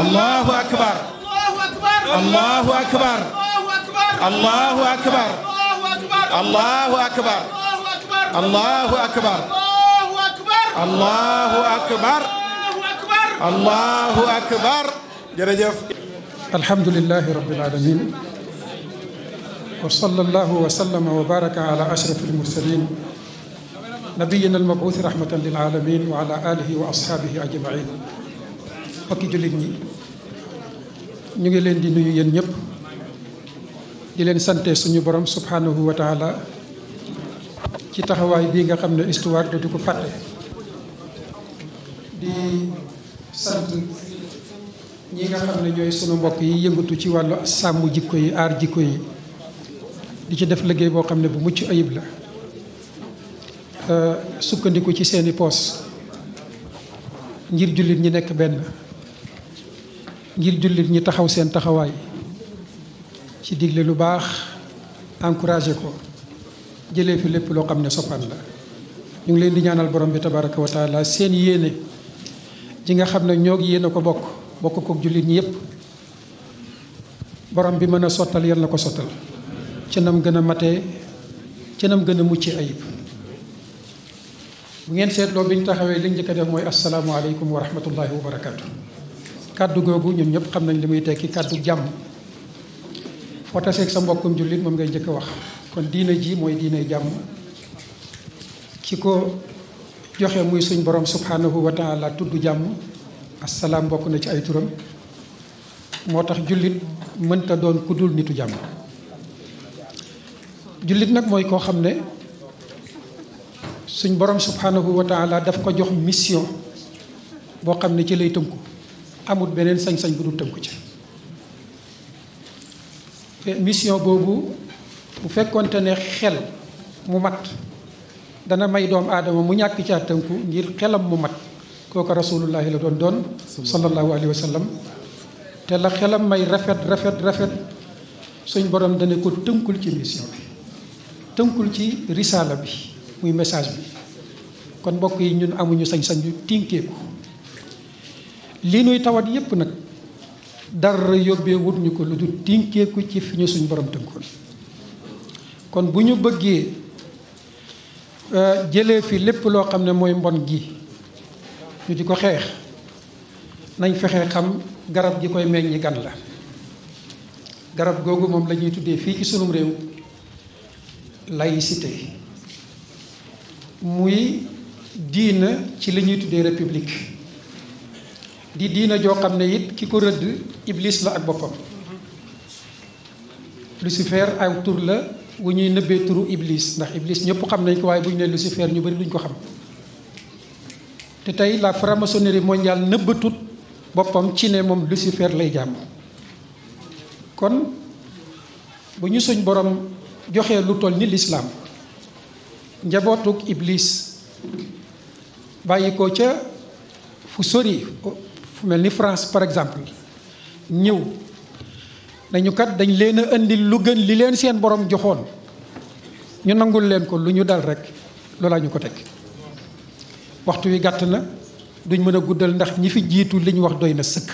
allahu akbar allahu akbar allahu akbar allahu akbar allahu akbar allahu akbar allahu akbar jërëjëf alhamdulilahi rabbil alamin wa sallallahu wa sallama wa baraka ala ashrafil mursalin nabiyina almabuuth rahmatan lil alamin wa ala alihi wa ashaabihi ajmain fakki jullit ñi ñu ngi leen di nuyu yéen ñëpp di leen sante suñu borom subhanahu wa taala ci taxawaay bii nga xam ne histoire dootu ko fàtte di sant ñi nga xam ne ñooy sunu mbokk yi yëngatu ci wàllu sàmm jikko yi aar jikko yi di ci def liggéey boo xam ne bu mucc ayib la euh, sukkandiku ci seeni poos ngir jullit ñi nekk benn ngir jullit ñi taxaw seen taxawaay ci digle lu baax encouragé ko jëlee fi lépp loo xam ne soppaan la ñu ngi leen di ñaanal borom bi tabaraka wa taala seen yéene ji nga xam ne ñoo ngi yéene ko bokk bokk ko jullit ñi yépp borom bi mën a sottal yal na ko sottal ci nam gën a matee ci gën a mucce ayib bu ngeen seetloo bi ñu taxawee li jëkk njëkk a def mooy asalaamualeykum wa rahmatullahi wa kàddu googu ñun ñëpp xam nañ li muy tekki kàddu jàmm foo taseeg sa mbokkum jullit moom ngay njëkk wax kon diine ji mooy diine jàmm ki ko joxe muy suñ borom subhanahu wa taala tudd jàmm asalaam bokk na ci ay turam moo tax jullit mënta doon ku dul nitu jàmm jullit nag mooy koo xam ne suñ borom subhanahu wa taala daf ko jox mission boo xam ne ci lay ko amut beneen sañ-sañ bu dul tënku ci mission boobu bu fekkonte ne xel mu mat dana may doom aadama mu ñàkk caa tënku ngir xelam mu mat kooka rasulullahi la doon doon sallallahu alayhi wa sallam te la xelam may rafet rafet rafet suñ borom dana ko tënkul ci mission bi tënkul ci risaala bi muy message bi kon mbokk yi ñun amuñu sañ-sañ yu tinkeeku li nuy tawat yépp nag dara yóbbee wut ñu ko lu du tinkeeku ci fi ñu suñ borom tënkoon kon bu ñu bëggee euh, jëlee fi lépp loo xam ne mooy mbon gi ñu di ko xeex nañ fexe xam garab gi koy meññi gan la garab googu moom lañuy tuddee fii ci sunum réew laïcité muy diina ci li ñuy tuddee république di diina joo xam ne it ki ko rëdd iblis la ak boppam Lucifer aw tur la wu ñuy nëbbee turu iblis ndax iblis ñëpp xam nañ ko waaye bu ñu nee Lucifer ñu bari duñ ko xam te tey la franc-maçonnerie mondiale nëbbatut boppam ci ne moom Lucifer lay jàmm kon bu ñu suñ borom joxee lu toll ni lislaam njabootuk iblis bàyyi ko ca fu sori fu mel ni France par exemple ñëw nañu kat dañ leen a indil lu gën li leen seen borom joxoon ñu nangul leen ko lu ñu dal rek loolaa ñu ko teg waxtu wi gàtt na duñ mën a guddal ndax ñi fi jiitu li ñu wax doy na sëkk